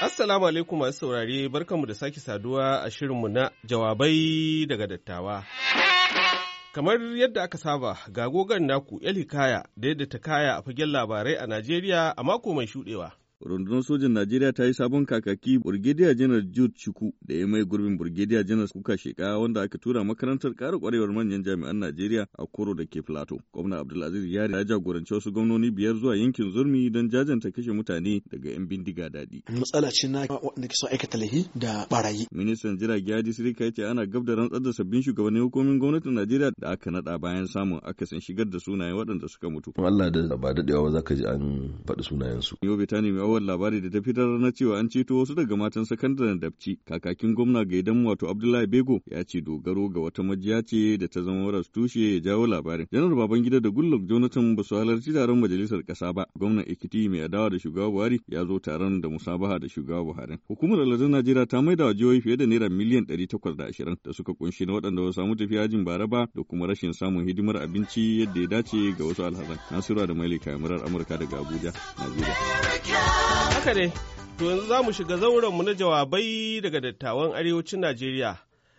Assalamu alaikum masu saurare barkanmu da sake saduwa a shirinmu na jawabai daga dattawa. Kamar yadda aka saba ga gogon naku Eli Kaya da yadda ta kaya a fagen labarai a Najeriya a mako mai shudewa. rundunar sojin Najeriya ta yi sabon kakaki burgidiya Janar Jude Chuku da ya mai gurbin Burgediya Janar Kuka Sheka wanda aka tura makarantar ƙara ƙwarewar manyan jami'an Najeriya a Koro da ke Plateau. Gwamna Abdulaziz Yari ya jagoranci wasu gwamnoni biyar zuwa yankin Zurmi don jajanta kashe mutane daga 'yan bindiga daɗi. Matsala ce na waɗanda ke son aikata lahi da barayi. Ministan jirage Hadi Sirika ya ce ana gab da rantsar da sabbin shugabannin hukumomin gwamnatin Najeriya da aka naɗa bayan samun akasin shigar da sunayen waɗanda suka mutu. Allah da ba daɗewa ba za ka ji an faɗi sunayensu. Yobe ta sha'awar labari da ta fitar na cewa an ceto wasu daga matan sakandaren dabci kakakin gwamna gaidan wato abdullahi bego ya ce dogaro ga wata majiya ce da ta zama waras tushe ya jawo labarin janar babangida da gullok jonathan ba su halarci taron majalisar kasa ba gwamnan ekiti mai adawa da shugaba buhari ya zo taron da musabaha da shugaba buhari hukumar aladun najeriya ta maida wa jihohi fiye da naira miliyan ɗari takwas da ashirin da suka kunshi na waɗanda ba samu tafiya jin bara ba da kuma rashin samun hidimar abinci yadda ya dace ga wasu alhazan nasura da mailika murar amurka daga abuja najeriya Haka ne, to yanzu za mu shiga zaurenmu na jawabai daga dattawan arewacin Najeriya.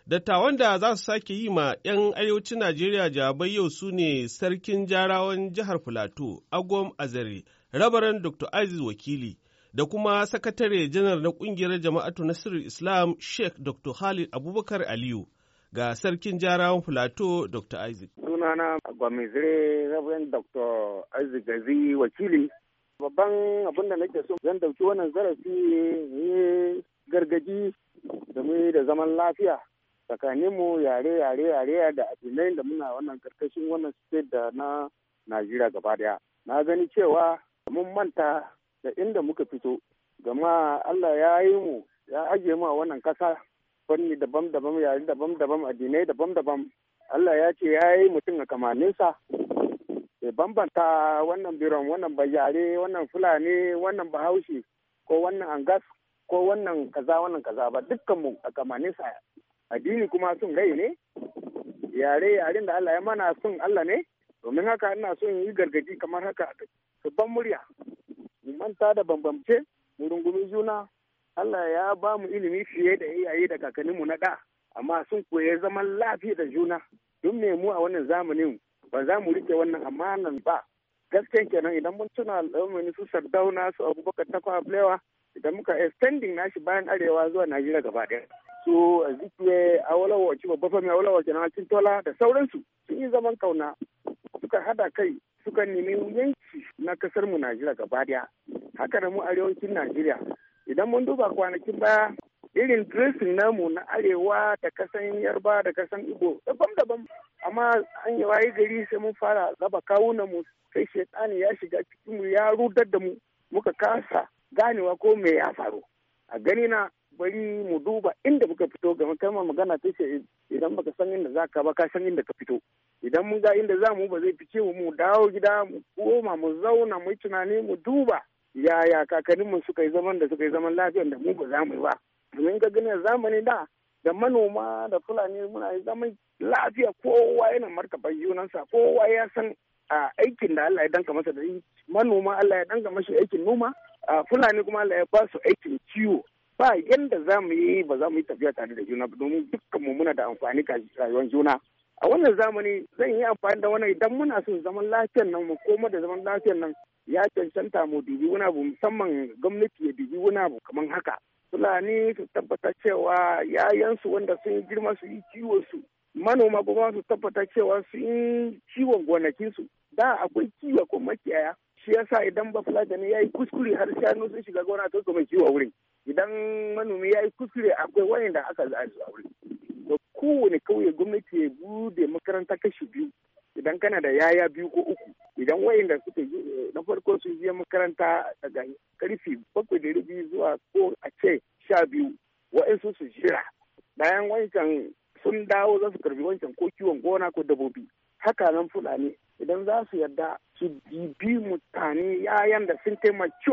Dattawan da za su sake yi ma 'yan arewacin Najeriya jawabai yau su ne Sarkin Jarawan Jihar Filato, Agwam Azare, Rabaran Dr. Aziz Wakili, da kuma Sakatare Janar na Ƙungiyar Jama'atu Nasiru Islam Sheikh Dr. Khalid Abubakar Aliyu. ga sarkin jarawan filato dr isaac sunana gwamizire reverend dr isaac gazi wakili Babban abin da nake so zan dauki wannan zarafi ne gargaji da mu da zaman lafiya tsakaninmu yare yare yare da addinai da muna wannan karkashin wannan state da na Najeriya gaba daya. Na gani cewa mun manta da inda muka fito gama Allah ya yi mu ya ajiye mu a wannan kasa fanni daban-daban yare daban-daban addinai daban-daban Allah ya ce ya yi mutum a kamaninsa Eh, bambanta wannan biron wannan bayare wannan fulani wannan bahaushe ko wannan angas ko wannan kaza wannan kaza ba dukkan mu a kamaninsa addini kuma sun rai ne yare yaren da Allah ya mana sun Allah ne domin haka ina son yi gargadi kamar haka babban murya mu manta da bambamce mu rungumi juna Allah ya ba mu ilimi fiye da iyaye da kakanninmu na da amma sun koye zaman lafiya da juna don me mu a wannan zamanin ba za mu rike wannan amanan ba gasken kenan idan mun tuna al'ummani su sardauna su abubakar takwa blewa idan muka extending nashi bayan arewa zuwa najeriya gaba ɗaya su zikwe awalawa wacce babba fami awalawa kenan cikin tola da sauransu sun yi zaman kauna suka hada kai suka nemi yanki na kasar mu najeriya gaba ɗaya haka da mu arewacin najeriya idan mun duba kwanakin baya irin dressing namu na arewa da kasan yarba da kasan igbo daban da amma an yi waye gari sai mun fara raba kawunan mu sai shaitani ya shiga cikin mu ya rudar da mu muka kasa ganewa ko me ya faru a gani na bari mu duba inda muka fito ga kalmar magana ta ce idan baka san inda za ka ba ka san inda ka fito idan mun ga inda za mu ba zai fice mu dawo gida mu koma mu zauna mu yi tunani mu duba yaya kakanninmu suka yi zaman da suka yi zaman lafiyar da mu ba za mu yi ba domin ga ganin zamani da da manoma da fulani muna zaman lafiya kowa yana martaban junansa kowa ya san aikin da Allah ya danka masa da manoma Allah ya danka mashi aikin noma fulani kuma Allah ya ba su aikin ciwo. ba yanda za mu yi ba za mu yi tafiya tare da juna domin dukkan mu muna da amfani ga rayuwar juna a wannan zamani zan yi amfani da wannan idan muna son zaman lafiyar nan mu koma da zaman lafiyar nan ya cancanta mu dubi wani abu musamman gwamnati ya dubi wani abu kamar haka fulani su tabbata cewa yayansu wanda sun yi girma su yi kiwo su manoma kuma su tabbata cewa sun ciwon kiwon gonakinsu da akwai kiwo ko makiyaya shi yasa idan ba fulani ya yi kuskure har shanu sun shiga gona to mai kiwo wurin idan manomi ya yi kuskure akwai wani da aka za a wurin to kowane kauye gwamnati ya bude makaranta kashi biyu idan kana da yaya biyu ko uku idan wayanda suka na farko sun je makaranta daga karfi bakwai da rabi zuwa ko a ce sha biyu wa'insu su jira bayan wancan sun dawo za su karbi wancan ko kiwon gona ko dabobi haka nan fulani idan za su yarda su bibi mutane yayan da sun taimaki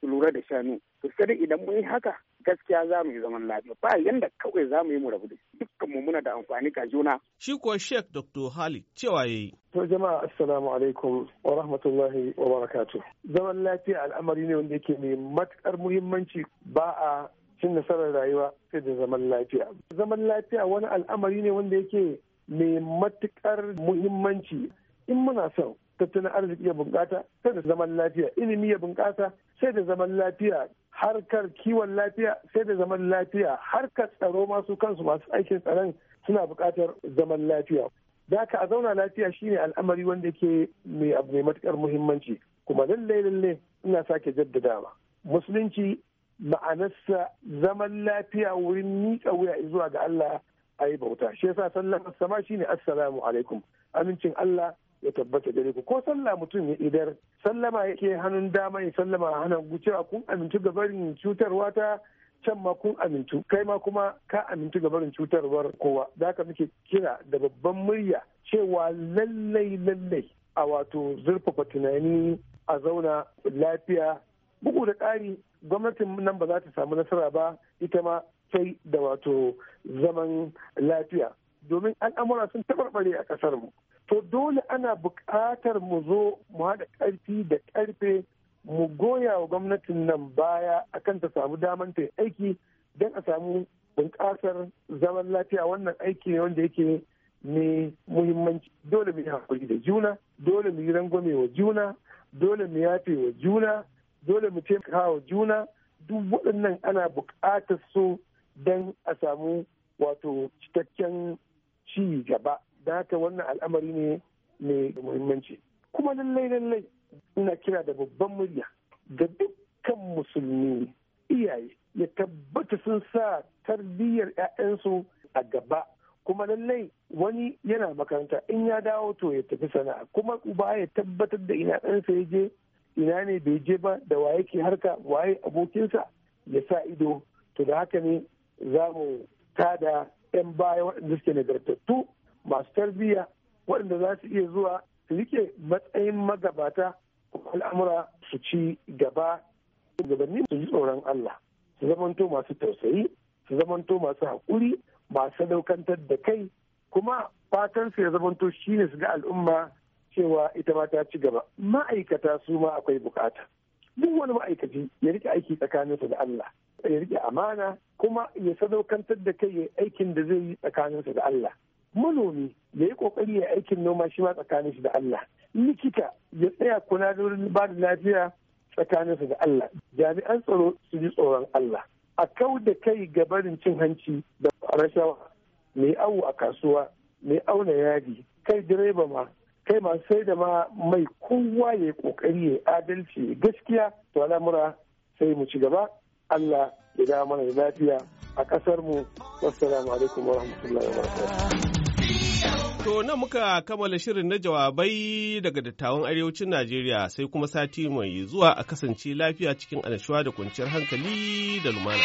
su lura da shanu to sai idan mun yi haka gaskiya za mu yi zaman lafiya ba yanda kawai za mu yi mu rabu da shi dukkan mu muna da amfani ga juna shi kuwa Sheikh Dr. Hali cewa yayi to jama'a assalamu alaikum wa rahmatullahi wa barakatu. zaman lafiya al'amari ne wanda yake mai matukar muhimmanci ba a cin nasarar rayuwa sai da zaman lafiya zaman lafiya wani al'amari ne wanda yake mai matukar muhimmanci in muna son tattalin arziki ya bunƙasa sai da zaman lafiya ilimi ya bunƙasa sai da zaman lafiya harkar kiwon lafiya sai da zaman lafiya harkar tsaro masu kansu masu aikin tsaron suna buƙatar zaman lafiya da aka a zauna lafiya shine al'amari wanda ke mai abu mai matukar muhimmanci kuma lallai lallai ina sake jaddadawa musulunci ma'anarsa zaman lafiya wurin miƙa wuya zuwa ga Allah a yi bauta shi yasa sallar sama shine assalamu alaikum amincin Allah ya tabbata gare ku ko sallah mutum ya idar sallama yake hannun dama ya sallama a hannun gucewa kun amintu gabarin cutarwa ta can ma kun amintu kai ma kuma ka amintu gabarin cutarwar kowa da ka muke kira da babban murya cewa lallai lallai a wato zurfafa tunani a zauna lafiya bugu da ƙari gwamnatin nan ba za ta samu nasara ba ita ma sai da wato zaman lafiya domin al'amura sun tabarbare a ƙasarmu mu to dole ana buƙatar mu zo mu haɗa ƙarfi da ƙarfe mu goya wa gwamnatin nan baya akan ta samu daman ta aiki don a samu bunƙasar zaman lafiya wannan aiki ne wanda yake ne muhimmanci dole mu yi hakuri da juna dole mu yi rangwame wa juna dole mu yafe wa juna dole mu taimaka wa juna duk waɗannan ana buƙatar su don a samu wato cikakken ci gaba da haka wannan al'amari ne mai muhimmanci kuma lallai lallai ina kira da babban murya ga dukkan musulmi iyaye ya tabbata sun sa tarbiyyar 'ya'yansu a gaba kuma lallai wani yana makaranta in ya dawo to ya tafi sana'a kuma uba ya tabbatar da ina ɗansa ya je ina ne bai je ba da waye ke harka waye abokinsa ya sa ido to da haka ne za mu tada 'yan baya waɗanda suke nagartattu masu tarbiyya waɗanda za su iya zuwa su rike matsayin magabata al'amura su ci gaba gabanin su ji tsoron Allah su zamanto masu tausayi su zamanto masu haƙuri masu sadaukantar da kai kuma fatan su ya zamanto shine su ga al'umma cewa ita ma ta ci gaba ma'aikata su ma akwai bukata duk wani ma'aikaci ya rike aiki tsakaninsa da Allah ya rike amana kuma ya sadaukantar da kai ya aikin da zai yi tsakaninsa da Allah manomi ya yi kokari ya aikin noma shi ma tsakanin shi da Allah likita ya tsaya kuna wurin ba da lafiya tsakanin da Allah jami'an tsaro su ji tsoron Allah a kau da kai ga barin cin hanci da rashawa mai awo a kasuwa mai auna yadi kai direba ma kai masu sai da ma mai kowa ya kokari ya adalci gaskiya to al'amura sai mu ci gaba Allah ya da mana lafiya a kasar mu wassalamu alaikum warahmatullahi wabarakatuh To nan muka kammala shirin na jawabai daga dattawan arewacin Najeriya sai kuma sati mai zuwa a kasance lafiya cikin annashuwa da kwanciyar hankali da lumana.